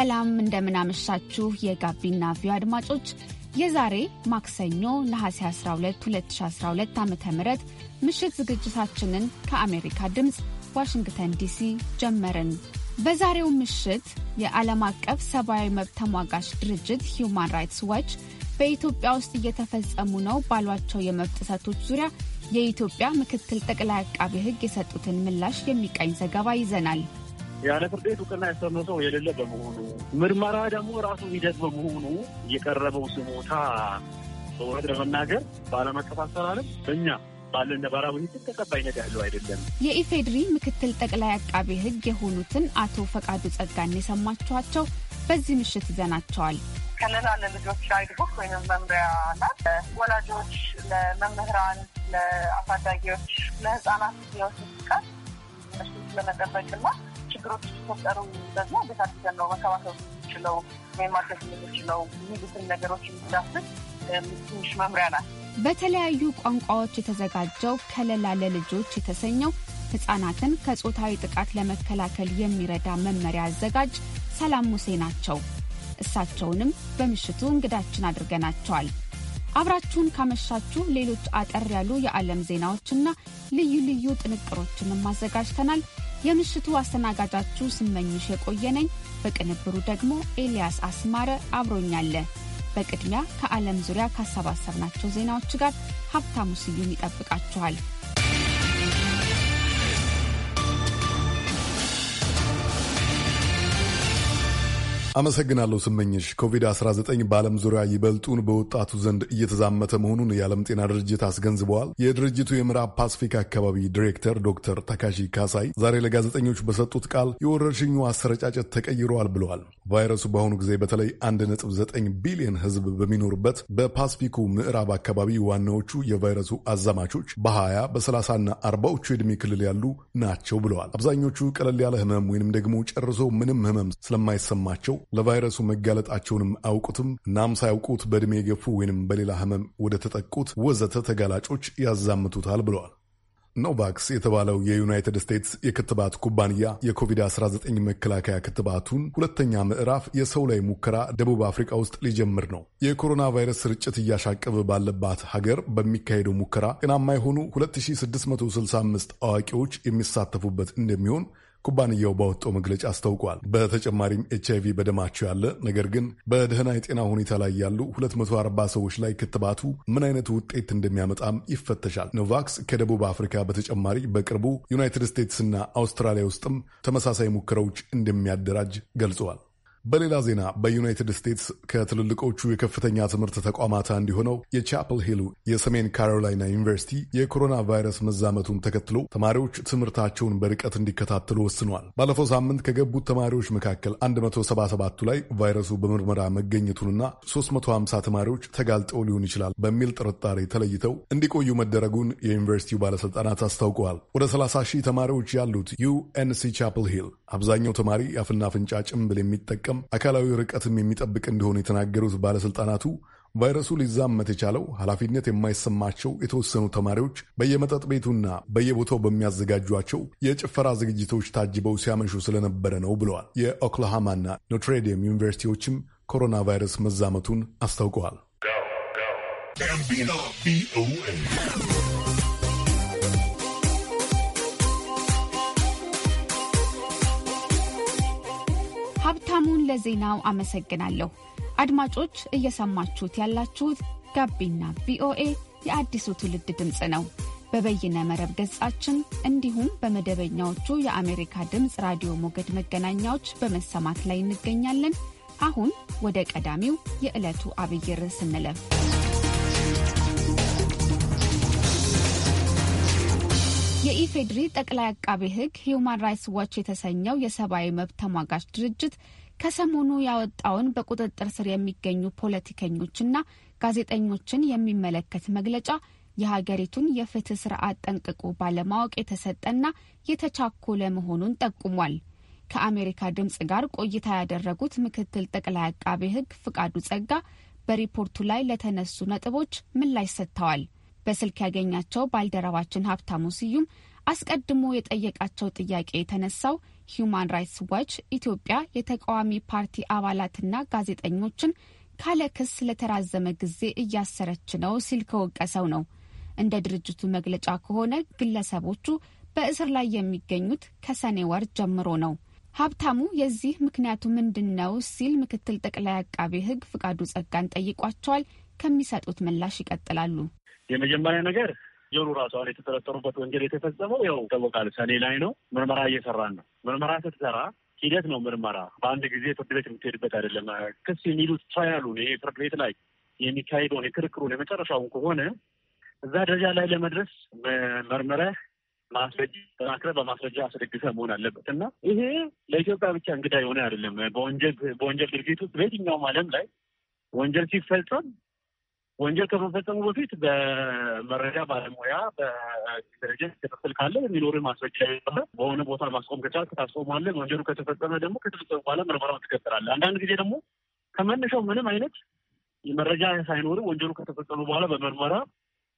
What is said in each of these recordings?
ሰላም እንደምናመሻችሁ የጋቢና ቪዮ አድማጮች የዛሬ ማክሰኞ ነሐሴ 12 2012 ዓ ም ምሽት ዝግጅታችንን ከአሜሪካ ድምፅ ዋሽንግተን ዲሲ ጀመርን። በዛሬው ምሽት የዓለም አቀፍ ሰብአዊ መብት ተሟጋች ድርጅት ሂዩማን ራይትስ ዋች በኢትዮጵያ ውስጥ እየተፈጸሙ ነው ባሏቸው የመብት ጥሰቶች ዙሪያ የኢትዮጵያ ምክትል ጠቅላይ አቃቤ ሕግ የሰጡትን ምላሽ የሚቃኝ ዘገባ ይዘናል። ያለ ፍርድ ቤት እውቅና ያሰብነው ሰው የሌለ በመሆኑ ምርመራ ደግሞ ራሱ ሂደት በመሆኑ የቀረበው ስሞታ በእውነት ለመናገር በዓለም አቀፍ አሰራርም በእኛ ባለን ነባራዊ ሕግ ተቀባይነት ያለው አይደለም። የኢፌድሪ ምክትል ጠቅላይ አቃቤ ሕግ የሆኑትን አቶ ፈቃዱ ጸጋን የሰማችኋቸው በዚህ ምሽት ይዘናቸዋል። ከለላ ለልጆች አይድቡክ ወይም መምሪያ ናት። ወላጆች ለመምህራን፣ ለአሳዳጊዎች፣ ለህፃናት የወስድ ፍቃድ እሱ ለመጠበቅና ችግሮች ሲፈጠሩ ደግሞ እንዴት አድርገን ነው መከባከብ የምንችለው ወይም ማድረግ የምንችለው የሚሉትን ነገሮች የሚዳስስ ትንሽ መምሪያ ናት። በተለያዩ ቋንቋዎች የተዘጋጀው ከለላ ለልጆች የተሰኘው ህጻናትን ከጾታዊ ጥቃት ለመከላከል የሚረዳ መመሪያ አዘጋጅ ሰላም ሙሴ ናቸው። እሳቸውንም በምሽቱ እንግዳችን አድርገናቸዋል። አብራችሁን ካመሻችሁ ሌሎች አጠር ያሉ የዓለም ዜናዎችና ልዩ ልዩ ጥንቅሮችንም አዘጋጅተናል። የምሽቱ አስተናጋጃችሁ ስመኝሽ የቆየነኝ፣ በቅንብሩ ደግሞ ኤልያስ አስማረ አብሮኛለ። በቅድሚያ ከዓለም ዙሪያ ካሰባሰብናቸው ዜናዎች ጋር ሀብታሙ ስዩም ይጠብቃችኋል። አመሰግናለሁ ስመኝሽ። ኮቪድ-19 በዓለም ዙሪያ ይበልጡን በወጣቱ ዘንድ እየተዛመተ መሆኑን የዓለም ጤና ድርጅት አስገንዝበዋል። የድርጅቱ የምዕራብ ፓስፊክ አካባቢ ዲሬክተር ዶክተር ታካሺ ካሳይ ዛሬ ለጋዜጠኞች በሰጡት ቃል የወረርሽኙ አሰረጫጨት ተቀይረዋል ብለዋል። ቫይረሱ በአሁኑ ጊዜ በተለይ 1.9 ቢሊዮን ሕዝብ በሚኖርበት በፓስፊኩ ምዕራብ አካባቢ ዋናዎቹ የቫይረሱ አዛማቾች በ20 በ30ና 40ዎቹ የዕድሜ ክልል ያሉ ናቸው ብለዋል። አብዛኞቹ ቀለል ያለ ህመም ወይንም ደግሞ ጨርሶ ምንም ህመም ስለማይሰማቸው ለቫይረሱ መጋለጣቸውንም አያውቁትም። እናም ሳያውቁት በዕድሜ የገፉ ወይንም በሌላ ህመም ወደ ተጠቁት ወዘተ ተጋላጮች ያዛምቱታል ብለዋል። ኖቫክስ የተባለው የዩናይትድ ስቴትስ የክትባት ኩባንያ የኮቪድ-19 መከላከያ ክትባቱን ሁለተኛ ምዕራፍ የሰው ላይ ሙከራ ደቡብ አፍሪካ ውስጥ ሊጀምር ነው። የኮሮና ቫይረስ ስርጭት እያሻቀበ ባለባት ሀገር በሚካሄደው ሙከራ ጤናማ የሆኑ 2665 አዋቂዎች የሚሳተፉበት እንደሚሆን ኩባንያው ባወጣው መግለጫ አስታውቋል። በተጨማሪም ኤች አይቪ በደማቸው ያለ ነገር ግን በደህና የጤና ሁኔታ ላይ ያሉ 240 ሰዎች ላይ ክትባቱ ምን አይነት ውጤት እንደሚያመጣም ይፈተሻል። ኖቫክስ ከደቡብ አፍሪካ በተጨማሪ በቅርቡ ዩናይትድ ስቴትስና አውስትራሊያ ውስጥም ተመሳሳይ ሙከራዎች እንደሚያደራጅ ገልጸዋል። በሌላ ዜና በዩናይትድ ስቴትስ ከትልልቆቹ የከፍተኛ ትምህርት ተቋማት አንዱ የሆነው የቻፕል ሂሉ የሰሜን ካሮላይና ዩኒቨርሲቲ የኮሮና ቫይረስ መዛመቱን ተከትሎ ተማሪዎች ትምህርታቸውን በርቀት እንዲከታተሉ ወስኗል። ባለፈው ሳምንት ከገቡት ተማሪዎች መካከል 177ቱ ላይ ቫይረሱ በምርመራ መገኘቱንና 350 ተማሪዎች ተጋልጠው ሊሆን ይችላል በሚል ጥርጣሬ ተለይተው እንዲቆዩ መደረጉን የዩኒቨርሲቲው ባለሥልጣናት አስታውቀዋል። ወደ 30 ሺህ ተማሪዎች ያሉት ዩኤንሲ ቻፕል ሂል አብዛኛው ተማሪ አፍና አፍንጫ ጭንብል የሚጠቀም አካላዊ ርቀትም የሚጠብቅ እንደሆነ የተናገሩት ባለስልጣናቱ ቫይረሱ ሊዛመት የቻለው ኃላፊነት የማይሰማቸው የተወሰኑ ተማሪዎች በየመጠጥ ቤቱና በየቦታው በሚያዘጋጇቸው የጭፈራ ዝግጅቶች ታጅበው ሲያመሹ ስለነበረ ነው ብለዋል። የኦክላሃማና ኖትሬዲየም ዩኒቨርሲቲዎችም ኮሮና ቫይረስ መዛመቱን አስታውቀዋል። ሀብታሙን ለዜናው አመሰግናለሁ። አድማጮች እየሰማችሁት ያላችሁት ጋቢና ቪኦኤ የአዲሱ ትውልድ ድምፅ ነው። በበይነ መረብ ገጻችን እንዲሁም በመደበኛዎቹ የአሜሪካ ድምፅ ራዲዮ ሞገድ መገናኛዎች በመሰማት ላይ እንገኛለን። አሁን ወደ ቀዳሚው የዕለቱ አብይ ርዕስ እንለፍ። የኢፌዴሪ ጠቅላይ አቃቤ ሕግ ሂዩማን ራይትስ ዋች የተሰኘው የሰብአዊ መብት ተሟጋች ድርጅት ከሰሞኑ ያወጣውን በቁጥጥር ስር የሚገኙ ፖለቲከኞችና ጋዜጠኞችን የሚመለከት መግለጫ የሀገሪቱን የፍትህ ስርዓት ጠንቅቆ ባለማወቅ የተሰጠና የተቻኮለ መሆኑን ጠቁሟል። ከአሜሪካ ድምፅ ጋር ቆይታ ያደረጉት ምክትል ጠቅላይ አቃቤ ሕግ ፍቃዱ ጸጋ በሪፖርቱ ላይ ለተነሱ ነጥቦች ምላሽ ሰጥተዋል። በስልክ ያገኛቸው ባልደረባችን ሀብታሙ ስዩም አስቀድሞ የጠየቃቸው ጥያቄ የተነሳው ሂዩማን ራይትስ ዋች ኢትዮጵያ የተቃዋሚ ፓርቲ አባላትና ጋዜጠኞችን ካለ ክስ ለተራዘመ ጊዜ እያሰረች ነው ሲል ከወቀሰው ነው። እንደ ድርጅቱ መግለጫ ከሆነ ግለሰቦቹ በእስር ላይ የሚገኙት ከሰኔ ወር ጀምሮ ነው። ሀብታሙ የዚህ ምክንያቱ ምንድን ነው ሲል ምክትል ጠቅላይ አቃቤ ሕግ ፍቃዱ ጸጋን ጠይቋቸዋል። ከሚሰጡት ምላሽ ይቀጥላሉ። የመጀመሪያ ነገር ጆሮ ራሷ ላይ የተጠረጠሩበት ወንጀል የተፈጸመው ያው ይታወቃል፣ ሰኔ ላይ ነው። ምርመራ እየሰራን ነው። ምርመራ ስትሰራ ሂደት ነው። ምርመራ በአንድ ጊዜ ፍርድ ቤት የምትሄድበት አይደለም። ክስ የሚሉት ትራያሉን ይሄ ፍርድ ቤት ላይ የሚካሄደውን የክርክሩን የመጨረሻውን ከሆነ እዛ ደረጃ ላይ ለመድረስ መርመረህ ማስረጃ ተናክረህ በማስረጃ አስደግፈ መሆን አለበት እና ይሄ ለኢትዮጵያ ብቻ እንግዳ የሆነ አይደለም። በወንጀል በወንጀል ድርጊት ውስጥ በየትኛውም ዓለም ላይ ወንጀል ሲፈጸም ወንጀል ከመፈጸሙ በፊት በመረጃ ባለሙያ በኢንቴሊጀንስ ክትትል ካለ የሚኖር ማስረጃ ይባላል። በሆነ ቦታ ማስቆም ከቻልክ ታስቆማለህ። ወንጀሉ ከተፈጸመ ደግሞ ከተፈጸመ በኋላ ምርመራውን ትቀጥላለህ። አንዳንድ ጊዜ ደግሞ ከመነሻው ምንም አይነት መረጃ ሳይኖርም ወንጀሉ ከተፈጸመ በኋላ በምርመራ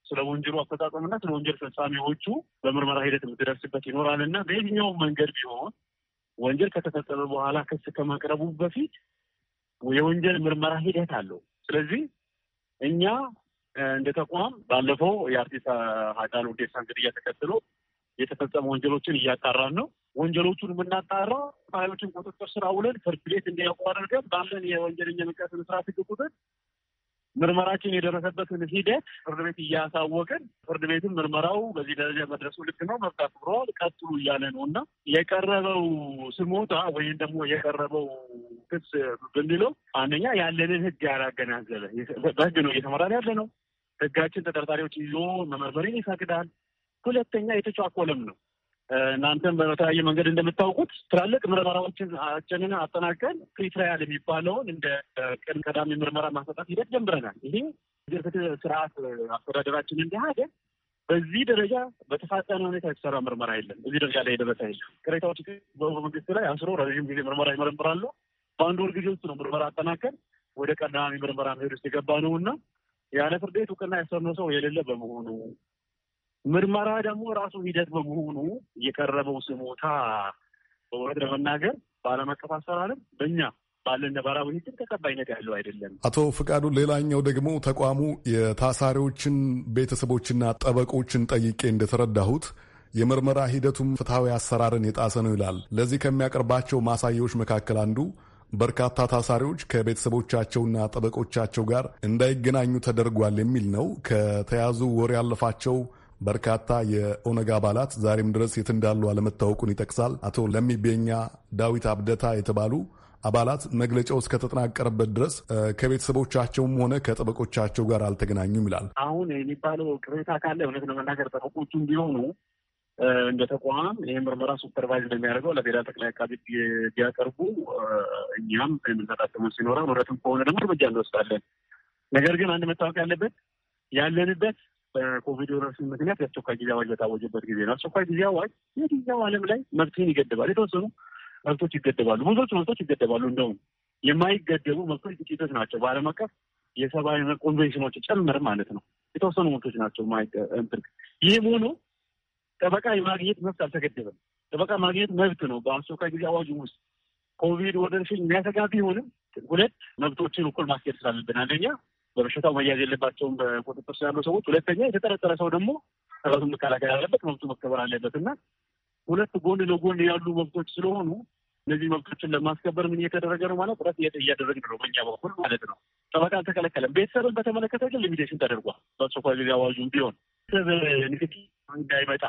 ስለ ወንጀሉ አፈጻጸምና ስለ ወንጀል ፈጻሚዎቹ በምርመራ ሂደት የምትደርስበት ይኖራል እና በየትኛውም መንገድ ቢሆን ወንጀል ከተፈጸመ በኋላ ክስ ከማቅረቡ በፊት የወንጀል ምርመራ ሂደት አለው። ስለዚህ እኛ እንደ ተቋም ባለፈው የአርቲስት ሃጫሉ ሁንዴሳን ግድያ ተከትሎ የተፈጸመ ወንጀሎችን እያጣራን ነው። ወንጀሎቹን የምናጣራ ፋይሎችን ቁጥጥር ስራ ውለን ፍርድ ቤት እንዲያውቁ አድርገን ባለን የወንጀለኛ መቅጫ ስነ ስርዓት ቁጥር ምርመራችን የደረሰበትን ሂደት ፍርድ ቤት እያሳወቅን ፍርድ ቤትም ምርመራው በዚህ ደረጃ መድረሱ ልክ ነው፣ መብታት አክብረዋል፣ ቀጥሉ እያለ ነው እና የቀረበው ስሞታ ወይም ደግሞ የቀረበው ክስ ብንለው አንደኛ ያለንን ህግ ያላገናዘበ በህግ ነው እየተመራን ያለ ነው። ህጋችን ተጠርጣሪዎች ይዞ መመርመሪን ይፈቅዳል። ሁለተኛ የተቻኮለም ነው። እናንተም በተለያየ መንገድ እንደምታውቁት ትላልቅ ምርመራዎችንን አጠናቀን ፕሪትራያል የሚባለውን እንደ ቅን ቀዳሚ ምርመራ ማሰጣት ሂደት ጀምረናል። ይሄ ፍትህ ስርዓት አስተዳደራችን እንዲያደ በዚህ ደረጃ በተፋጠነ ሁኔታ የተሰራ ምርመራ የለም። እዚህ ደረጃ ላይ የደረሰ የለም። ቅሬታዎች በመንግስት ላይ አስሮ ረዥም ጊዜ ምርመራ ይመረምራሉ። በአንድ ወር ጊዜ ውስጥ ነው ምርመራ አጠናቀን ወደ ቀዳሚ ምርመራ መሄድ ውስጥ የገባ ነው እና ያለ ፍርድ ቤት እውቅና ያሰርነው ሰው የሌለ በመሆኑ ምርመራ ደግሞ ራሱ ሂደት በመሆኑ የቀረበው ስሞታ በእውነት ለመናገር በዓለም አቀፍ አሰራርም በእኛ ባለን ነባራዊ ሂደት ተቀባይነት ያለው አይደለም። አቶ ፍቃዱ፣ ሌላኛው ደግሞ ተቋሙ የታሳሪዎችን ቤተሰቦችና ጠበቆችን ጠይቄ እንደተረዳሁት የምርመራ ሂደቱም ፍትሐዊ አሰራርን የጣሰ ነው ይላል። ለዚህ ከሚያቀርባቸው ማሳያዎች መካከል አንዱ በርካታ ታሳሪዎች ከቤተሰቦቻቸውና ጠበቆቻቸው ጋር እንዳይገናኙ ተደርጓል የሚል ነው። ከተያዙ ወር ያለፋቸው በርካታ የኦነግ አባላት ዛሬም ድረስ የት እንዳሉ አለመታወቁን ይጠቅሳል። አቶ ለሚቤኛ ዳዊት አብደታ የተባሉ አባላት መግለጫው እስከተጠናቀረበት ድረስ ከቤተሰቦቻቸውም ሆነ ከጠበቆቻቸው ጋር አልተገናኙም ይላል። አሁን የሚባለው ቅሬታ ካለ እውነት ለመናገር ጠበቆቹ ቢሆኑ እንደ ተቋም ይህ ምርመራ ሱፐርቫይዝ እንደሚያደርገው ለፌዴራል ጠቅላይ አቃቤ ቢያቀርቡ እኛም የምንሰጣቸው ሲኖረን እውነትም ከሆነ ደግሞ እርምጃ እንወስዳለን። ነገር ግን አንድ መታወቅ ያለበት ያለንበት በኮቪድ ወረርሽኝ ምክንያት የአስቸኳይ ጊዜ አዋጅ በታወጀበት ጊዜ ነው። አስቸኳይ ጊዜ አዋጅ የጊዜው ዓለም ላይ መብትን ይገድባል። የተወሰኑ መብቶች ይገደባሉ። ብዙዎች መብቶች ይገደባሉ። እንደውም የማይገደቡ መብቶች ጥቂቶች ናቸው። በዓለም አቀፍ የሰብአዊ ኮንቬንሽኖች ጨምር ማለት ነው። የተወሰኑ መብቶች ናቸው። ይህም ሆኖ ጠበቃ የማግኘት መብት አልተገደበም። ጠበቃ ማግኘት መብት ነው። በአስቸኳይ ጊዜ አዋጅ ውስጥ ኮቪድ ወረርሽኝ የሚያሰጋ ቢሆንም ሁለት መብቶችን እኩል ማስኬድ ስላለብን አንደኛ በበሽታው መያዝ የለባቸውም በቁጥጥር ስር ያሉ ሰዎች። ሁለተኛ የተጠረጠረ ሰው ደግሞ ራሱን መከላከል አለበት፣ መብቱ መከበር አለበት እና ሁለት ጎን ለጎን ያሉ መብቶች ስለሆኑ እነዚህ መብቶችን ለማስከበር ምን እየተደረገ ነው ማለት ጥረት እያደረግን ነው በኛ በኩል ማለት ነው። ጠበቃ አልተከለከለም። ቤተሰብን በተመለከተ ግን ሊሚቴሽን ተደርጓል። በአስቸኳይ ጊዜ አዋጁም ቢሆን ቤተሰብ ንክኪ እንዳይመጣ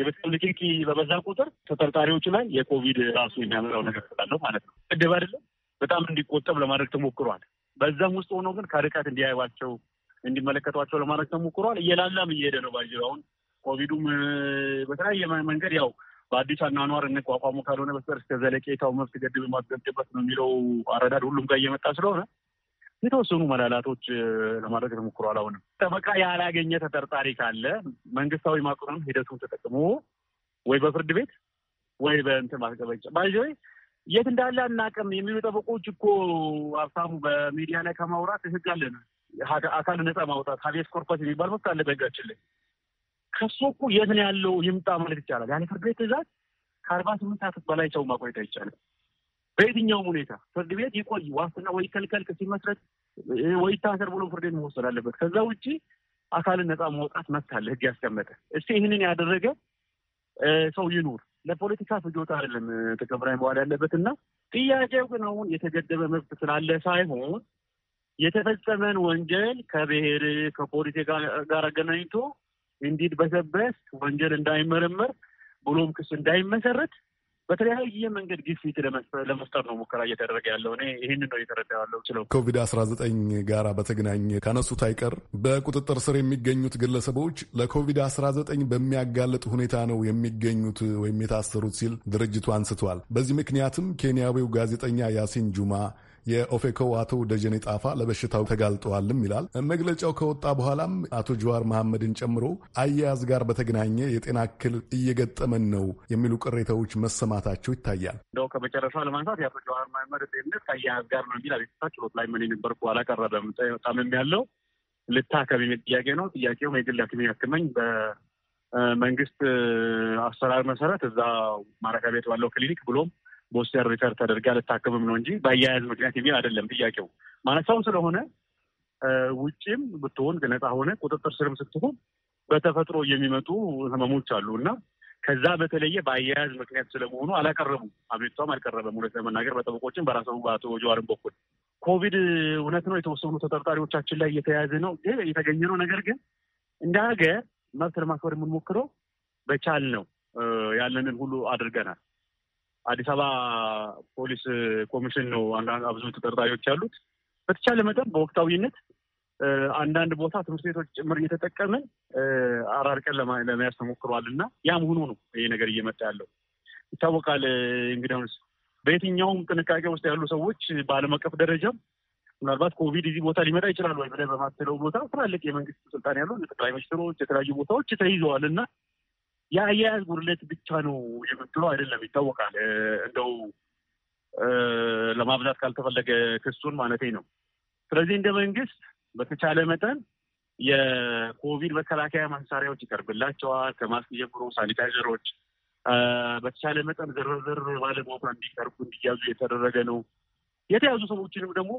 የቤተሰብ ንክኪ በበዛ ቁጥር ተጠርጣሪዎች ላይ የኮቪድ ራሱ የሚያመራው ነገር ስላለው ማለት ነው። እድብ አይደለም በጣም እንዲቆጠብ ለማድረግ ተሞክሯል። በዛም ውስጥ ሆኖ ግን ከርቀት እንዲያዩዋቸው እንዲመለከቷቸው ለማድረግ ተሞክሯል። እየላላም እየሄደ ነው። ባይዚ አሁን ኮቪዱም በተለያየ መንገድ ያው በአዲስ አኗኗር እንቋቋሙ ካልሆነ በስተቀር እስከ ዘለቄታው መብት ገድብ ማስገድበት ነው የሚለው አረዳድ ሁሉም ጋር እየመጣ ስለሆነ የተወሰኑ መላላቶች ለማድረግ ተሞክሯል። አሁንም ጠበቃ ያላገኘ ተጠርጣሪ ካለ መንግስታዊ ማቋቋም ሂደቱን ተጠቅሞ ወይ በፍርድ ቤት ወይ በእንትን ማስገበጫ ባይ የት እንዳለ አናውቅም የሚሉ ጠበቆች እኮ ሀብታሙ በሚዲያ ላይ ከማውራት ህግ አለን አካል ነጻ ማውጣት ሀቤስ ኮርፐስ የሚባል መብት አለ በህጋችን ላይ። ከሱ እኮ የት ነው ያለው ይምጣ ማለት ይቻላል። ያለ ፍርድ ቤት ትእዛዝ ከአርባ ስምንት ሰዓት በላይ ሰው ማቆየት አይቻልም። በየትኛውም ሁኔታ ፍርድ ቤት ይቆይ፣ ዋስትና ወይ ከልከል ሲመስረት ወይ ታሰር ብሎ ፍርድ ቤት መወሰድ አለበት። ከዛ ውጭ አካልን ነጻ ማውጣት መብት አለ ህግ ያስቀመጠ። እስቲ ይህንን ያደረገ ሰው ይኑር። ለፖለቲካ ፍጆታ አይደለም ተቀብራይ መዋል ያለበት እና ጥያቄው ግን አሁን የተገደበ መብት ስላለ ሳይሆን የተፈጸመን ወንጀል ከብሔር ከፖለቲካ ጋር አገናኝቶ እንዲድ በሰበስ ወንጀል እንዳይመረመር ብሎም ክስ እንዳይመሰረት በተለያየ መንገድ ግፊት ለመፍጠር ነው ሙከራ እየተደረገ ያለው። እኔ ይህን ነው እየተረዳ ያለው ችለው ኮቪድ አስራ ዘጠኝ ጋራ በተገናኘ ከነሱት አይቀር በቁጥጥር ስር የሚገኙት ግለሰቦች ለኮቪድ አስራ ዘጠኝ በሚያጋልጥ ሁኔታ ነው የሚገኙት ወይም የታሰሩት ሲል ድርጅቱ አንስቷል። በዚህ ምክንያትም ኬንያዊው ጋዜጠኛ ያሲን ጁማ የኦፌኮ አቶ ደጀኔ ጣፋ ለበሽታው ተጋልጠዋልም ይላል መግለጫው። ከወጣ በኋላም አቶ ጀዋር መሐመድን ጨምሮ አያያዝ ጋር በተገናኘ የጤና እክል እየገጠመን ነው የሚሉ ቅሬታዎች መሰማታቸው ይታያል። እንደው ከመጨረሻ ለማንሳት የአቶ ጀዋር መሐመድ ጤንነት ከአያያዝ ጋር ነው የሚል አቤቱታ ችሎት ላይ ምን የነበርኩ አላቀረበም። በጣም የሚያለው ልታከም የሚል ጥያቄ ነው። ጥያቄውም የግል ሐኪም ያክመኝ በመንግስት አሰራር መሰረት እዛ ማረፊያ ቤት ባለው ክሊኒክ ብሎም በወስተር ሪፈር ተደርጋ ልታከምም ነው እንጂ በአያያዝ ምክንያት የሚል አይደለም ጥያቄው። ማነሳው ስለሆነ ውጭም ብትሆን ነፃ ሆነ ቁጥጥር ስርም ስትሆን በተፈጥሮ የሚመጡ ህመሞች አሉ እና ከዛ በተለየ በአያያዝ ምክንያት ስለመሆኑ አላቀረቡም። አቤቷም አልቀረበም። እውነት ለመናገር በጠበቆችም በራሰቡ በአቶ ጀዋርም በኩል ኮቪድ እውነት ነው የተወሰኑ ተጠርጣሪዎቻችን ላይ እየተያዘ ነው የተገኘ ነው። ነገር ግን እንደ ሀገር መብት ለማክበር የምንሞክረው በቻል ነው ያለንን ሁሉ አድርገናል። አዲስ አበባ ፖሊስ ኮሚሽን ነው አብዙ ተጠርጣሪዎች ያሉት። በተቻለ መጠን በወቅታዊነት አንዳንድ ቦታ ትምህርት ቤቶች ጭምር እየተጠቀምን አራርቀን ለመያዝ ተሞክሯል እና ያ መሆኑ ነው ይህ ነገር እየመጣ ያለው ይታወቃል። እንግዲህ በየትኛውም ጥንቃቄ ውስጥ ያሉ ሰዎች በዓለም አቀፍ ደረጃም ምናልባት ኮቪድ እዚህ ቦታ ሊመጣ ይችላል ወይ ብለህ በማትለው ቦታ ትላልቅ የመንግስት ስልጣን ያለው ጠቅላይ ሚኒስትሮች የተለያዩ ቦታዎች ተይዘዋል እና የአያያዝ ጉድለት ብቻ ነው የምትለው አይደለም፣ ይታወቃል። እንደው ለማብዛት ካልተፈለገ ክሱን ማለት ነው። ስለዚህ እንደ መንግስት በተቻለ መጠን የኮቪድ መከላከያ መሳሪያዎች ይቀርብላቸዋል። ከማስክ ጀምሮ ሳኒታይዘሮች በተቻለ መጠን ዝርዝር ባለቦታ እንዲቀርቡ እንዲያዙ የተደረገ ነው። የተያዙ ሰዎችንም ደግሞ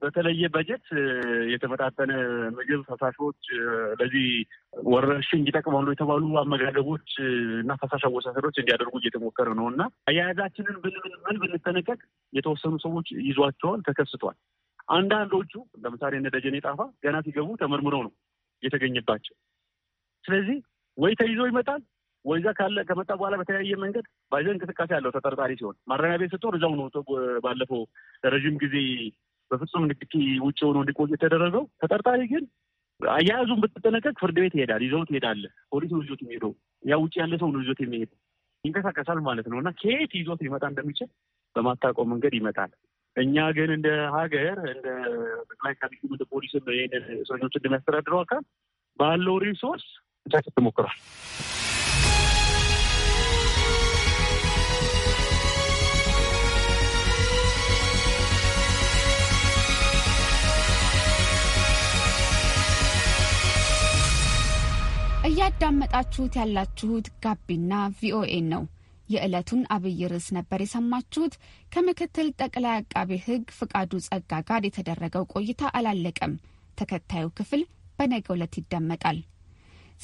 በተለየ በጀት የተመጣጠነ ምግብ፣ ፈሳሾች፣ ለዚህ ወረርሽኝ ይጠቅማሉ የተባሉ አመጋገቦች እና ፈሳሽ አወሳሰዶች እንዲያደርጉ እየተሞከረ ነው እና አያያዛችንን ብንምን ብንጠነቀቅ የተወሰኑ ሰዎች ይዟቸዋል፣ ተከስቷል። አንዳንዶቹ ለምሳሌ እነ ደጀኔ ጣፋ ገና ሲገቡ ተመርምረው ነው የተገኘባቸው። ስለዚህ ወይ ተይዞ ይመጣል ወንጀል ካለ ከመጣ በኋላ በተለያየ መንገድ ባይዘ እንቅስቃሴ አለው ተጠርጣሪ ሲሆን ማረሚያ ቤት ስትኖር እዛው ነው። ባለፈው ለረዥም ጊዜ በፍጹም ንክኪ ውጭ ሆኖ እንዲቆይ የተደረገው ተጠርጣሪ ግን አያያዙን ብትጠነቀቅ ፍርድ ቤት ይሄዳል፣ ይዘው ትሄዳለ። ፖሊስ ነው ይዞት የሚሄደው፣ ያ ውጭ ያለ ሰው ነው ይዞት የሚሄድ ይንቀሳቀሳል ማለት ነው እና ከየት ይዞት ሊመጣ እንደሚችል በማታውቀው መንገድ ይመጣል። እኛ ግን እንደ ሀገር እንደ ጠቅላይ ካቢኔ እንደ ፖሊስም ይህንን እስረኞች እንደሚያስተዳድረው አካል ባለው ሪሶርስ ብቻ ትሞክራል እያዳመጣችሁት ያላችሁት ጋቢና ቪኦኤ ነው። የዕለቱን አብይ ርዕስ ነበር የሰማችሁት። ከምክትል ጠቅላይ አቃቤ ሕግ ፍቃዱ ጸጋ ጋር የተደረገው ቆይታ አላለቀም። ተከታዩ ክፍል በነገ ዕለት ይደመጣል።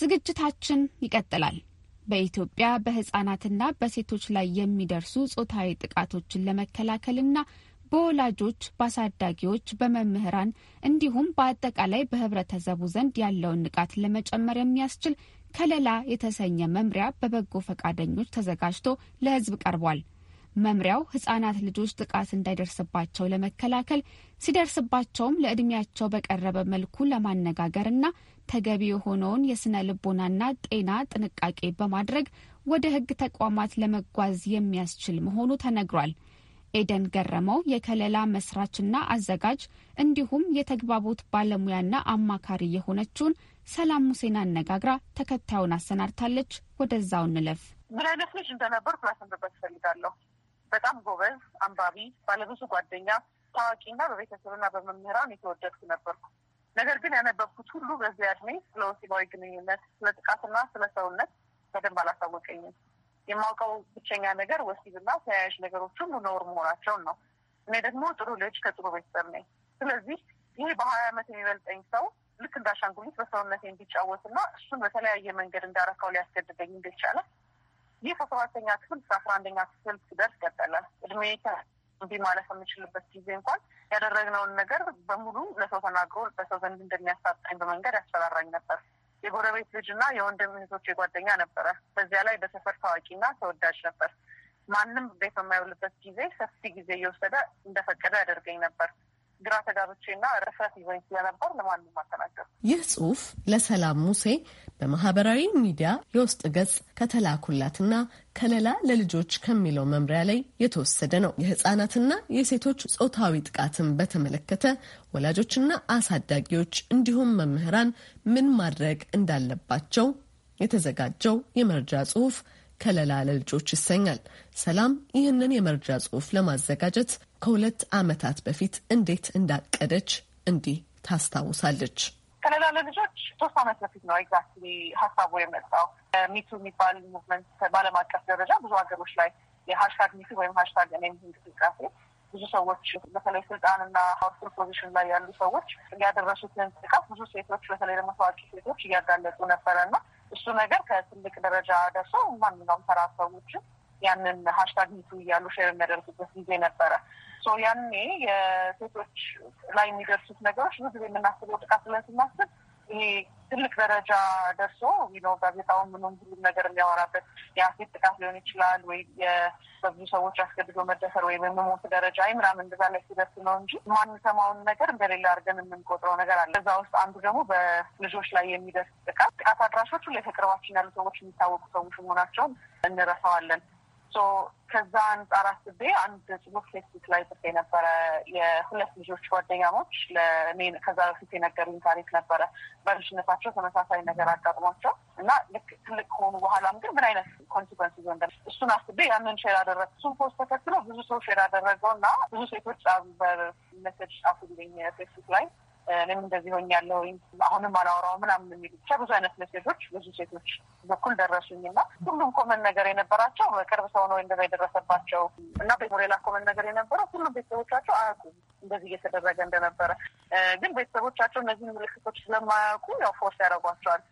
ዝግጅታችን ይቀጥላል። በኢትዮጵያ በህጻናትና በሴቶች ላይ የሚደርሱ ጾታዊ ጥቃቶችን ለመከላከልና በወላጆች በአሳዳጊዎች፣ በመምህራን እንዲሁም በአጠቃላይ በህብረተሰቡ ዘንድ ያለውን ንቃት ለመጨመር የሚያስችል ከለላ የተሰኘ መምሪያ በበጎ ፈቃደኞች ተዘጋጅቶ ለህዝብ ቀርቧል። መምሪያው ህጻናት ልጆች ጥቃት እንዳይደርስባቸው ለመከላከል ሲደርስባቸውም ለዕድሜያቸው በቀረበ መልኩ ለማነጋገርና ተገቢ የሆነውን የስነ ልቦናና ጤና ጥንቃቄ በማድረግ ወደ ህግ ተቋማት ለመጓዝ የሚያስችል መሆኑ ተነግሯል። ኤደን ገረመው የከለላ መስራችና አዘጋጅ እንዲሁም የተግባቦት ባለሙያና አማካሪ የሆነችውን ሰላም ሙሴን አነጋግራ ተከታዩን አሰናድታለች። ወደዛው እንለፍ። ምን አይነት ልጅ እንደነበርኩ ላስነብበት እፈልጋለሁ። በጣም ጎበዝ አንባቢ፣ ባለብዙ ጓደኛ፣ ታዋቂና በቤተሰብና በመምህራን የተወደድኩ ነበርኩ። ነገር ግን ያነበብኩት ሁሉ በዚያ እድሜ ስለ ወሲባዊ ግንኙነት፣ ስለ ጥቃትና ስለ ሰውነት በደንብ አላሳወቀኝም። የማውቀው ብቸኛ ነገር ወሲብና ተያያዥ ነገሮች ሁሉ ነውር መሆናቸውን ነው። እኔ ደግሞ ጥሩ ልጅ ከጥሩ ቤተሰብ ነኝ። ስለዚህ ይህ በሀያ ዓመት የሚበልጠኝ ሰው ልክ እንዳሻንጉሊት በሰውነት እንዲጫወትና እሱን በተለያየ መንገድ እንዳረካው ሊያስገድደኝ እንደቻለ ይህ ከሰባተኛ ክፍል እስከ አስራ አንደኛ ክፍል ሲደርስ ይቀጠላል። እድሜ እንዲህ ማለፍ የምችልበት ጊዜ እንኳን ያደረግነውን ነገር በሙሉ ለሰው ተናግሮ በሰው ዘንድ እንደሚያሳጣኝ በመንገድ ያስፈራራኝ ነበር። የጎረቤት ልጅና የወንድም እህቶች የጓደኛ ነበረ። በዚያ ላይ በሰፈር ታዋቂና ተወዳጅ ነበር። ማንም ቤት በማይውልበት ጊዜ ሰፊ ጊዜ እየወሰደ እንደፈቀደ ያደርገኝ ነበር። ግራ ተጋብቼና ረፍረት ይዘኝ ስለነበር ለማንም አልተናገርኩም። ይህ ጽሁፍ ለሰላም ሙሴ በማህበራዊ ሚዲያ የውስጥ ገጽ ከተላኩላትና ከለላ ለልጆች ከሚለው መምሪያ ላይ የተወሰደ ነው። የህጻናትና የሴቶች ጾታዊ ጥቃትን በተመለከተ ወላጆችና አሳዳጊዎች እንዲሁም መምህራን ምን ማድረግ እንዳለባቸው የተዘጋጀው የመርጃ ጽሁፍ ከለላ ለልጆች ይሰኛል። ሰላም ይህንን የመርጃ ጽሁፍ ለማዘጋጀት ከሁለት ዓመታት በፊት እንዴት እንዳቀደች እንዲህ ታስታውሳለች። ከነዛ ለልጆች ሶስት ዓመት በፊት ነው ኤግዛክትሊ ሀሳቡ የመጣው። ሚቱ የሚባል ሙቭመንት በዓለም አቀፍ ደረጃ ብዙ ሀገሮች ላይ የሀሽታግ ሚቱ ወይም ሀሽታግ እኔም እንቅስቃሴ ብዙ ሰዎች በተለይ ስልጣንና ፓወርፉል ፖዚሽን ላይ ያሉ ሰዎች ያደረሱትን ጥቃት ብዙ ሴቶች በተለይ ደግሞ ታዋቂ ሴቶች እያጋለጡ ነበረ እና እሱ ነገር ከትልቅ ደረጃ ደርሰው ማንኛውም ተራ ሰዎችም ያንን ሀሽታግ ሚቱ እያሉ ሼር የሚያደርጉበት ጊዜ ነበረ። ያኔ የሴቶች ላይ የሚደርሱት ነገሮች ብዙ ጊዜ የምናስበው ጥቃት ብለን ስናስብ ይሄ ትልቅ ደረጃ ደርሶ ነው ጋዜጣውን ምንም ሁሉም ነገር የሚያወራበት የአሴት ጥቃት ሊሆን ይችላል ወይ የበብዙ ሰዎች አስገድዶ መደፈር ወይም የመሞት ደረጃ ይ ምናምን እንደዛ ላይ ሲደርስ ነው እንጂ ማንሰማውን ነገር እንደሌላ አድርገን የምንቆጥረው ነገር አለ። እዛ ውስጥ አንዱ ደግሞ በልጆች ላይ የሚደርስ ጥቃት ጥቃት አድራሾቹ ላይ ከቅርባችን ያሉ ሰዎች የሚታወቁ ሰዎች መሆናቸውን እንረሳዋለን። ከዛ አንጻር አስቤ አንድ ጽሁፍ ፌስቡክ ላይ ጽፌ ነበረ። የሁለት ልጆች ጓደኛሞች ከዛ በፊት የነገሩኝ ታሪክ ነበረ። በልጅነታቸው ተመሳሳይ ነገር አጋጥሟቸው እና ልክ ትልቅ ከሆኑ በኋላም ግን ምን አይነት ኮንሲኮንስ ይዞ እንደ እሱን አስቤ ያንን ሼር አደረግ እሱን ፖስት ተከትሎ ብዙ ሰው ሼር አደረገው እና ብዙ ሴቶች ሜሴጅ ጻፉልኝ ፌስቡክ ላይ እኔም እንደዚህ ሆኛለሁ፣ አሁንም አላወራው ምናምን የሚሉ ብቻ ብዙ አይነት መሴጆች ብዙ ሴቶች በኩል ደረሱኝ እና ሁሉም ኮመን ነገር የነበራቸው በቅርብ ሰው ነው እንደዛ የደረሰባቸው እና ሌላ ኮመን ነገር የነበረው ሁሉም ቤተሰቦቻቸው አያውቁም እንደዚህ እየተደረገ እንደነበረ። ግን ቤተሰቦቻቸው እነዚህ ምልክቶች ስለማያውቁ ያው ፎርስ ያደርጓቸዋል።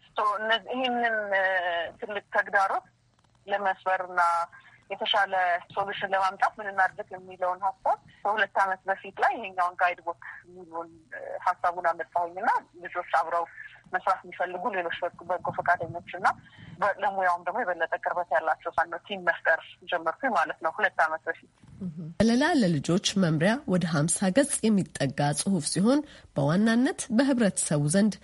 ይህንን ትልቅ ተግዳሮት ለመስበር እና የተሻለ ሶሉሽን ለማምጣት ምን እናድርግ የሚለውን ሀሳብ ከሁለት ዓመት በፊት ላይ ይሄኛውን ጋይድ ቦክ የሚለውን ሀሳቡን አመጣሁኝ እና ልጆች አብረው መስራት የሚፈልጉ ሌሎች በጎ ፈቃደኞች እና ለሙያውም ደግሞ የበለጠ ቅርበት ያላቸው ሳነ ቲም መፍጠር ጀመርኩኝ ማለት ነው ሁለት ዓመት በፊት። ዘለላ ለልጆች መምሪያ ወደ ሀምሳ ገጽ የሚጠጋ ጽሁፍ ሲሆን በዋናነት በህብረተሰቡ ዘንድ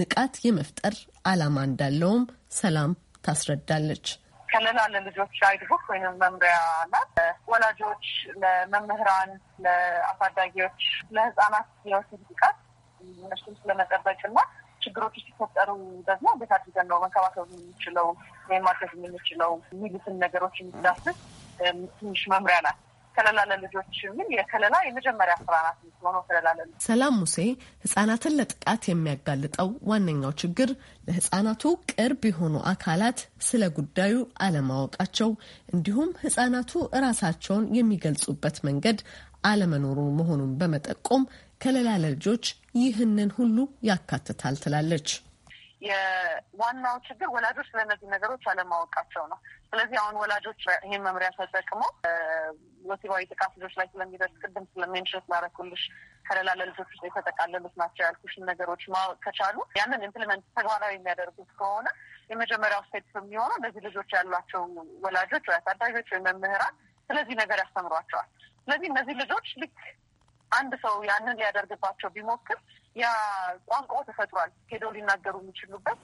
ንቃት የመፍጠር ዓላማ እንዳለውም ሰላም ታስረዳለች። ከለላ ለልጆች አይድሩክ ወይም መምሪያ አላት። ወላጆች፣ ለመምህራን፣ ለአሳዳጊዎች፣ ለህጻናት የወሲብ ጥቃት እነሱም ስለመጠበቅ ስለመጠበቅና ችግሮች ሲፈጠሩ ደግሞ እንዴት አድርገን ነው መንከባከብ የምንችለው ወይም ማገዝ የምንችለው የሚሉትን ነገሮች የሚዳስስ ትንሽ መምሪያ ናት። ከለላ ለልጆች ምን የከለላ የመጀመሪያ ስራ ናት የምትሆነው። ከለላ ለልጆች ሰላም ሙሴ ህጻናትን ለጥቃት የሚያጋልጠው ዋነኛው ችግር ለህጻናቱ ቅርብ የሆኑ አካላት ስለ ጉዳዩ አለማወቃቸው እንዲሁም ህጻናቱ እራሳቸውን የሚገልጹበት መንገድ አለመኖሩ መሆኑን በመጠቆም ከለላ ለልጆች ይህንን ሁሉ ያካትታል ትላለች። የዋናው ችግር ወላጆች ስለእነዚህ ነገሮች አለማወቃቸው ነው። ስለዚህ አሁን ወላጆች ይህን መምሪያ ተጠቅመው ወሲባዊ ጥቃት ልጆች ላይ ስለሚደርስ ቅድም ስለሜንሽን ስላደረኩልሽ ከሌላ የተጠቃለሉት ናቸው ያልኩሽን ነገሮች ማወቅ ከቻሉ ያንን ኢምፕሊመንት ተግባራዊ የሚያደርጉት ከሆነ የመጀመሪያው ስቴፕ የሚሆነው እነዚህ ልጆች ያሏቸው ወላጆች ወይ አሳዳጆች ወይ መምህራን ስለዚህ ነገር ያስተምሯቸዋል። ስለዚህ እነዚህ ልጆች ልክ አንድ ሰው ያንን ሊያደርግባቸው ቢሞክር ያ ቋንቋው ተፈጥሯል። ሄደው ሊናገሩ የሚችሉበት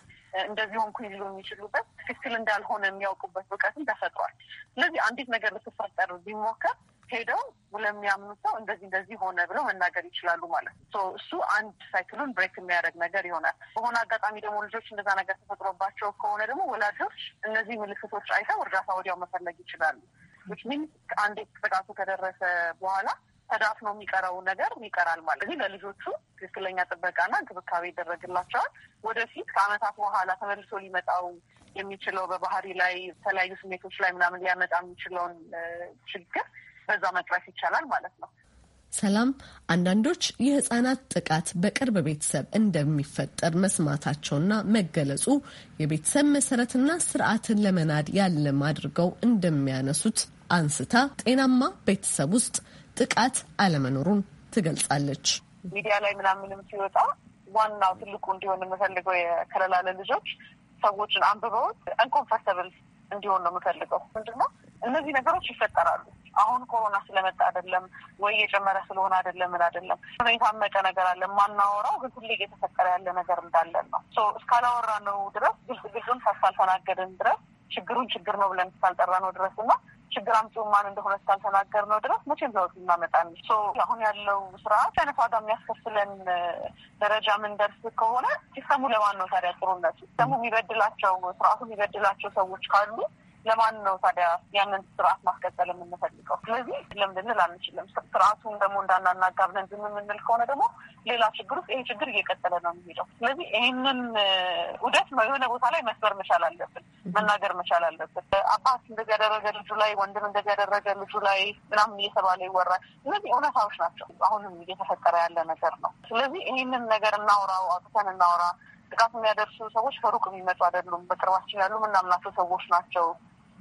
እንደዚህ ሆንኩኝ ሊሉ የሚችሉበት ትክክል እንዳልሆነ የሚያውቁበት እውቀትም ተፈጥሯል። ስለዚህ አንዲት ነገር ልትፈጠር ቢሞከር ሄደው ለሚያምኑ ሰው እንደዚህ እንደዚህ ሆነ ብለው መናገር ይችላሉ ማለት ነው። እሱ አንድ ሳይክሉን ብሬክ የሚያደርግ ነገር ይሆናል። በሆነ አጋጣሚ ደግሞ ልጆች እንደዛ ነገር ተፈጥሮባቸው ከሆነ ደግሞ ወላጆች እነዚህ ምልክቶች አይተው እርዳታ ወዲያው መፈለግ ይችላሉ። ሚን አንዴ ጥቃቱ ከደረሰ በኋላ ተዳፍኖ የሚቀረው ነገር ይቀራል ማለት ለልጆቹ ትክክለኛ ጥበቃና እንክብካቤ ይደረግላቸዋል። ወደፊት ከዓመታት በኋላ ተመልሶ ሊመጣው የሚችለው በባህሪ ላይ የተለያዩ ስሜቶች ላይ ምናምን ሊያመጣ የሚችለውን ችግር በዛ መቅረፍ ይቻላል ማለት ነው። ሰላም አንዳንዶች የህጻናት ጥቃት በቅርብ ቤተሰብ እንደሚፈጠር መስማታቸውና መገለጹ የቤተሰብ መሰረትና ስርዓትን ለመናድ ያለም አድርገው እንደሚያነሱት አንስታ ጤናማ ቤተሰብ ውስጥ ጥቃት አለመኖሩን ትገልጻለች። ሚዲያ ላይ ምናምንም ሲወጣ ዋናው ትልቁ እንዲሆን የምፈልገው የከለላ ለልጆች ሰዎችን አንብበውት እንኮንፈርተብል እንዲሆን ነው የምፈልገው። ምንድነው እነዚህ ነገሮች ይፈጠራሉ። አሁን ኮሮና ስለመጣ አይደለም ወይ የጨመረ ስለሆነ አይደለም ምን አይደለም የታመቀ ነገር አለ። ማናወራው ግን ሁሌ እየተፈጠረ ያለ ነገር እንዳለን ነው። እስካላወራ ነው ድረስ ግልጽ ግልጹን ሳልተናገርን ድረስ ችግሩን ችግር ነው ብለን ሳልጠራ ነው ድረስ እና ችግር አምጪው ማን እንደሆነ እስካልተናገር ነው ድረስ መቼም ለውጥ ልናመጣ አሁን ያለው ስርዓት አይነት ዋጋ የሚያስከፍለን ደረጃ ምንደርስ ከሆነ ሲስተሙ ለማን ነው ታዲያ ጥሩነቱ? ሲስተሙ የሚበድላቸው ስርዓቱ የሚበድላቸው ሰዎች ካሉ ለማን ነው ታዲያ ያንን ስርዓት ማስቀጠል የምንፈልገው? ስለዚህ ለም ልንል አንችልም። ስርዓቱን ደግሞ እንዳናናጋ ብለን ዝም የምንል ከሆነ ደግሞ ሌላ ችግር ውስጥ ይሄ ችግር እየቀጠለ ነው የሚሄደው። ስለዚህ ይህንን ውደት የሆነ ቦታ ላይ መስበር መቻል አለብን፣ መናገር መቻል አለብን። አባት እንደዚህ ያደረገ ልጁ ላይ፣ ወንድም እንደዚህ ያደረገ ልጁ ላይ ምናምን እየተባለ ይወራል። እነዚህ እውነታዎች ናቸው፣ አሁንም እየተፈጠረ ያለ ነገር ነው። ስለዚህ ይህንን ነገር እናውራው፣ አውጥተን እናውራ። ጥቃት የሚያደርሱ ሰዎች ከሩቅ የሚመጡ አይደሉም፣ በቅርባችን ያሉ ምናምናቸው ሰዎች ናቸው።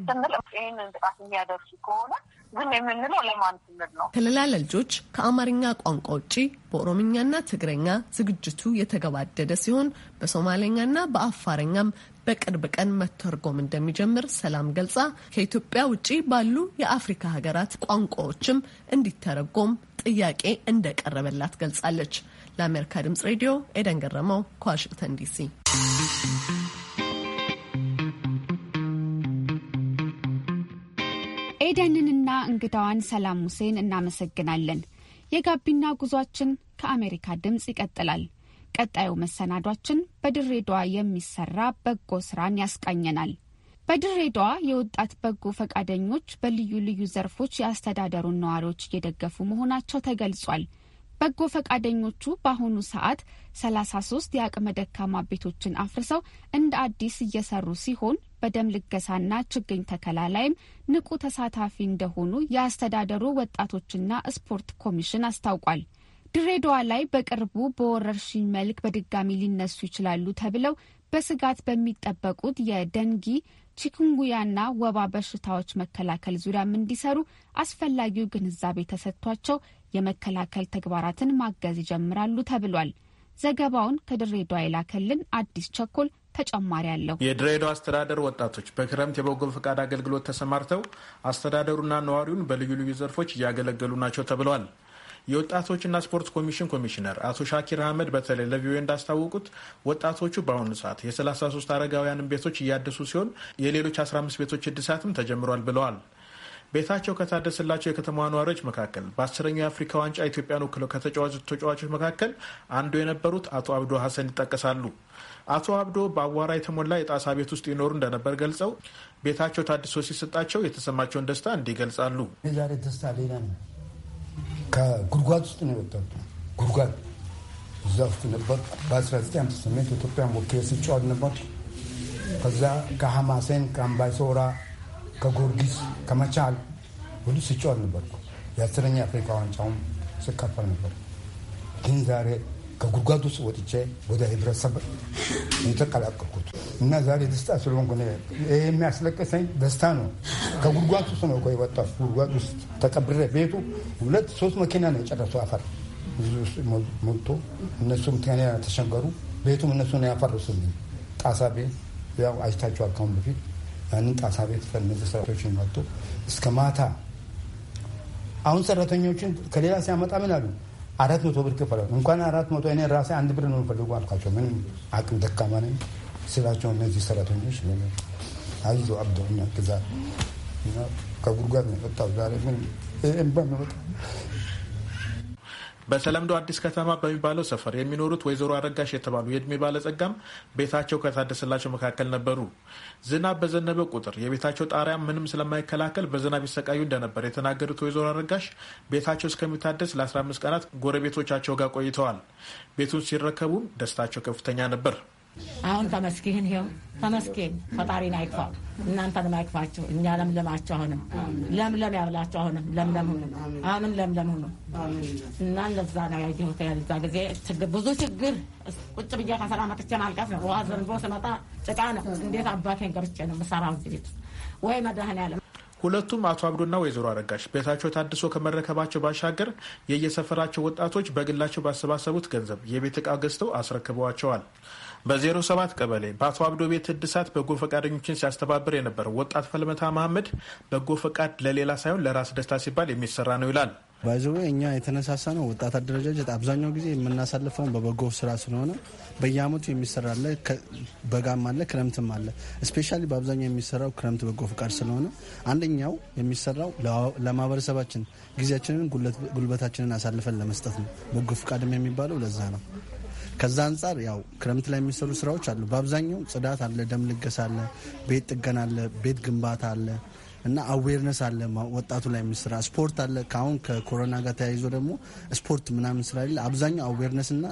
ስንል ይህንን ጥቃት የሚያደርሱ ከሆነ ዝም የምንለው ለማን ስንል ነው? ለልጆች ከአማርኛ ቋንቋ ውጪ በኦሮምኛና ትግረኛ ዝግጅቱ የተገባደደ ሲሆን በሶማሌኛና በአፋረኛም በቅርብ ቀን መተርጎም እንደሚጀምር ሰላም ገልጻ ከኢትዮጵያ ውጪ ባሉ የአፍሪካ ሀገራት ቋንቋዎችም እንዲተረጎም ጥያቄ እንደቀረበላት ገልጻለች። ለአሜሪካ ድምጽ ሬዲዮ ኤደን ገረመው ከዋሽንግተን ዲሲ ኤደንንና እንግዳዋን ሰላም ሙሴን እናመሰግናለን። የጋቢና ጉዟችን ከአሜሪካ ድምፅ ይቀጥላል። ቀጣዩ መሰናዷችን በድሬዳዋ የሚሰራ በጎ ስራን ያስቃኘናል። በድሬዳዋ የወጣት በጎ ፈቃደኞች በልዩ ልዩ ዘርፎች የአስተዳደሩን ነዋሪዎች እየደገፉ መሆናቸው ተገልጿል። በጎ ፈቃደኞቹ በአሁኑ ሰዓት ሰላሳ የአቅመ ደካማ ቤቶችን አፍርሰው እንደ አዲስ እየሰሩ ሲሆን በደም ልገሳና ችግኝ ተከላ ላይም ንቁ ተሳታፊ እንደሆኑ የአስተዳደሩ ወጣቶችና ስፖርት ኮሚሽን አስታውቋል። ድሬዳዋ ላይ በቅርቡ በወረርሽኝ መልክ በድጋሚ ሊነሱ ይችላሉ ተብለው በስጋት በሚጠበቁት የደንጊ ቺኩንጉያና ወባ በሽታዎች መከላከል ዙሪያም እንዲሰሩ አስፈላጊው ግንዛቤ ተሰጥቷቸው የመከላከል ተግባራትን ማገዝ ይጀምራሉ ተብሏል። ዘገባውን ከድሬዳዋ የላከልን አዲስ ቸኮል ተጨማሪ አለው። የድሬዳዋ አስተዳደር ወጣቶች በክረምት የበጎ ፈቃድ አገልግሎት ተሰማርተው አስተዳደሩና ነዋሪውን በልዩ ልዩ ዘርፎች እያገለገሉ ናቸው ተብለዋል። የወጣቶችና ስፖርት ኮሚሽን ኮሚሽነር አቶ ሻኪር አህመድ በተለይ ለቪኦኤ እንዳስታወቁት ወጣቶቹ በአሁኑ ሰዓት የ33 አረጋውያንን ቤቶች እያደሱ ሲሆን የሌሎች 15 ቤቶች እድሳትም ተጀምሯል ብለዋል። ቤታቸው ከታደሰላቸው የከተማዋ ነዋሪዎች መካከል በአስረኛው የአፍሪካ ዋንጫ ኢትዮጵያን ወክለው ከተጫወቱ ተጫዋቾች መካከል አንዱ የነበሩት አቶ አብዶ ሀሰን ይጠቀሳሉ። አቶ አብዶ በአቧራ የተሞላ የጣሳ ቤት ውስጥ ይኖሩ እንደነበር ገልጸው ቤታቸው ታድሶ ሲሰጣቸው የተሰማቸውን ደስታ እንዲህ ይገልጻሉ። ዛሬ ደስታ ሌላ ነው። ከጉድጓድ ውስጥ ነው የወጣሁት። ጉድጓድ እዛ ውስጥ ነበር። በ1958 ኢትዮጵያን ወክዬ ስጫወት ነበር። ከዛ ከሀማሴን ከአምባይሶራ ከጎርጊስ ከመቻል ሁሉ ስጫወት ነበርኩ። የአስረኛ አፍሪካ ዋንጫውም ስካፈል ነበር። ግን ዛሬ ከጉድጓድ ውስጥ ወጥቼ ወደ ህብረተሰብ የተቀላቀልኩት እና ዛሬ ደስታ ስለሆንኩ ይሄ የሚያስለቅሰኝ ደስታ ነው። ከጉድጓድ ውስጥ ነው የወጣሁ። ጉድጓድ ውስጥ ተቀብሬ ቤቱ ሁለት ሶስት መኪና ነው የጨረሱ አፈር ሞልቶ እነሱም ተሸንገሩ። ቤቱም እነሱን ያፈርሱልኝ ጣሳ ቤት ያው አይታችኋል ከሁን በፊት ያንን ጣሳ ቤት ፈልግ ሰራተኞችን መጡ እስከ ማታ። አሁን ሰራተኞችን ከሌላ ሲያመጣ ምን አሉ? አራት መቶ ብር ክፈለ። እንኳን አራት መቶ እኔ ራሴ አንድ ብር ነው ፈልጉ አልኳቸው። ምንም አቅም ደካማ ነኝ ስላቸው እነዚህ ሰራተኞች አይዞ አብደውኛ ግዛ ከጉድጓድ ነው የወጣው ዛሬ ምንም እምባ ነው ወጣ በተለምዶ አዲስ ከተማ በሚባለው ሰፈር የሚኖሩት ወይዘሮ አረጋሽ የተባሉ የእድሜ ባለጸጋም ቤታቸው ከታደሰላቸው መካከል ነበሩ። ዝናብ በዘነበ ቁጥር የቤታቸው ጣሪያ ምንም ስለማይከላከል በዝናብ ይሰቃዩ እንደነበር የተናገሩት ወይዘሮ አረጋሽ ቤታቸው እስከሚታደስ ለ15 ቀናት ጎረቤቶቻቸው ጋር ቆይተዋል። ቤቱን ሲረከቡም ደስታቸው ከፍተኛ ነበር። አሁን ተመስኪህን ይኸው ተመስገን ፈጣሪን አይክፋው፣ እናንተንም አይክፋቸው። እኛ ለምለማቸው አሁንም ለምለም ያብላቸው። አሁንም ለምለም ሁኑ፣ አሁንም ለምለም ሁኑ እና ለዛ ነው ያየሁት። ያለዛ ጊዜ ብዙ ችግር ቁጭ ብዬ ከሰራ መጥቼ ማልቀስ ነው። ውሃ ዘንቦ ስመጣ ጭቃ ነው። እንዴት አባቴን ገብቼ ነው የምሰራው እዚህ ቤት ወይ መድኃኔዓለም። ሁለቱም አቶ አብዱና ወይዘሮ አረጋሽ ቤታቸው ታድሶ ከመረከባቸው ባሻገር የየሰፈራቸው ወጣቶች በግላቸው ባሰባሰቡት ገንዘብ የቤት ዕቃ ገዝተው አስረክበዋቸዋል። በ07 ቀበሌ በአቶ አብዶ ቤት እድሳት በጎ ፈቃደኞችን ሲያስተባብር የነበረው ወጣት ፈልመታ መሀመድ በጎ ፈቃድ ለሌላ ሳይሆን ለራስ ደስታ ሲባል የሚሰራ ነው ይላል። ባይዘ እኛ የተነሳሳ ነው ወጣት አደረጃጀት አብዛኛው ጊዜ የምናሳልፈውን በበጎ ስራ ስለሆነ በየአመቱ የሚሰራለ በጋም አለ ክረምትም አለ። ስፔሻሊ በአብዛኛው የሚሰራው ክረምት በጎ ፍቃድ ስለሆነ አንደኛው የሚሰራው ለማህበረሰባችን ጊዜያችንን ጉልበታችንን አሳልፈን ለመስጠት ነው። በጎ ፍቃድም የሚባለው ለዛ ነው። ከዛ አንጻር ያው ክረምት ላይ የሚሰሩ ስራዎች አሉ። በአብዛኛው ጽዳት አለ፣ ደም ልገስ አለ፣ ቤት ጥገና አለ፣ ቤት ግንባታ አለ እና አዌርነስ አለ ወጣቱ ላይ የሚሰራ ስፖርት አለ። ከአሁን ከኮሮና ጋር ተያይዞ ደግሞ ስፖርት ምናምን ስራ ሌለ አብዛኛው አዌርነስ እና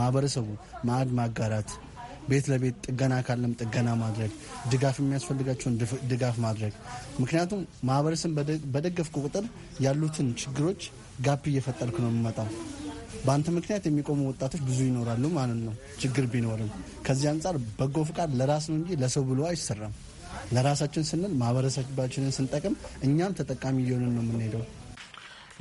ማህበረሰቡ ማዕድ ማጋራት ቤት ለቤት ጥገና ካለም ጥገና ማድረግ፣ ድጋፍ የሚያስፈልጋቸውን ድጋፍ ማድረግ። ምክንያቱም ማህበረሰብ በደገፍኩ ቁጥር ያሉትን ችግሮች ጋፕ እየፈጠርኩ ነው የሚመጣው። በአንተ ምክንያት የሚቆሙ ወጣቶች ብዙ ይኖራሉ ማለት ነው፣ ችግር ቢኖርም። ከዚህ አንጻር በጎ ፍቃድ ለራስ ነው እንጂ ለሰው ብሎ አይሰራም። ለራሳችን ስንል ማህበረሰባችንን ስንጠቅም እኛም ተጠቃሚ እየሆንን ነው የምንሄደው።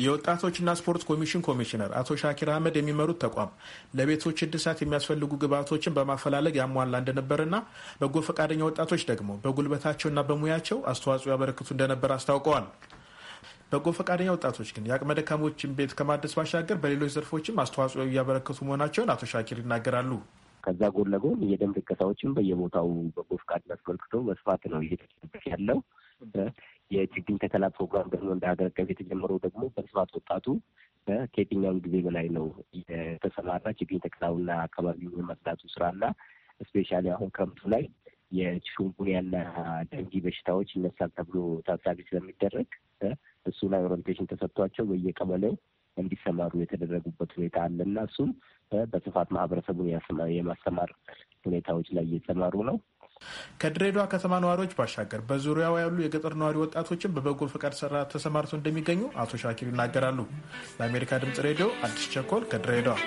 የወጣቶችና ስፖርት ኮሚሽን ኮሚሽነር አቶ ሻኪር አህመድ የሚመሩት ተቋም ለቤቶች እድሳት የሚያስፈልጉ ግብዓቶችን በማፈላለግ ያሟላ እንደነበርና በጎ ፈቃደኛ ወጣቶች ደግሞ በጉልበታቸውና በሙያቸው አስተዋጽኦ ያበረክቱ እንደነበር አስታውቀዋል። በጎ ፈቃደኛ ወጣቶች ግን የአቅመ ደካሞችን ቤት ከማደስ ባሻገር በሌሎች ዘርፎችም አስተዋጽኦ እያበረከቱ መሆናቸውን አቶ ሻኪር ይናገራሉ። ከዛ ጎን ለጎን የደም ልቀሳዎችን በየቦታው በጎ ፈቃድ አስመልክቶ በስፋት ነው እየተጠበቅ ያለው። የችግኝ ተከላ ፕሮግራም ደግሞ እንደ ሀገር አቀፍ የተጀመረው ደግሞ በስፋት ወጣቱ ከየትኛውም ጊዜ በላይ ነው የተሰማራ ችግኝ ተከላውና አካባቢውን የማጽዳቱ ስራና ስፔሻሊ አሁን ክረምቱ ላይ የቺkunጉንያና ደንጊ በሽታዎች ይነሳል ተብሎ ታሳቢ ስለሚደረግ እሱ ላይ ኦሪንቴሽን ተሰጥቷቸው በየቀበሌው እንዲሰማሩ የተደረጉበት ሁኔታ አለ እና እሱም በስፋት ማህበረሰቡን የማስተማር ሁኔታዎች ላይ እየተሰማሩ ነው። ከድሬዳዋ ከተማ ነዋሪዎች ባሻገር በዙሪያው ያሉ የገጠር ነዋሪ ወጣቶችን በበጎ ፈቃድ ስራ ተሰማርተው እንደሚገኙ አቶ ሻኪር ይናገራሉ። ለአሜሪካ ድምጽ ሬዲዮ አዲስ ቸኮል ከድሬዳዋ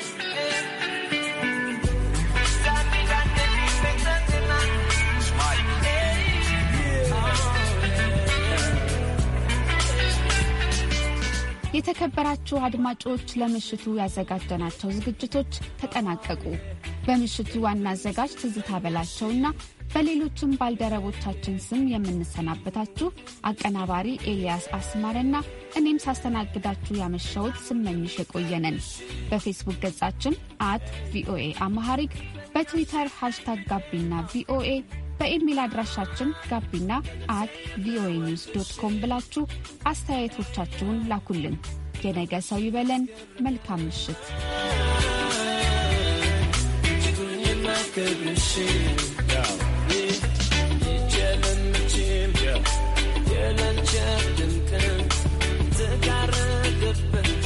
የተከበራችሁ አድማጮች ለምሽቱ ያዘጋጀናቸው ዝግጅቶች ተጠናቀቁ። በምሽቱ ዋና አዘጋጅ ትዝታ በላቸውና በሌሎችም ባልደረቦቻችን ስም የምንሰናበታችሁ አቀናባሪ ኤልያስ አስማርና እኔም ሳስተናግዳችሁ ያመሸውት ስመኝሽ የቆየነን። በፌስቡክ ገጻችን አት ቪኦኤ አማሐሪክ በትዊተር ሃሽታግ ጋቢና ቪኦኤ በኢሜል አድራሻችን ጋቢና አት ቪኦኤ ኒውስ ዶት ኮም ብላችሁ አስተያየቶቻችሁን ላኩልን። የነገ ሰው ይበለን። መልካም ምሽት። You're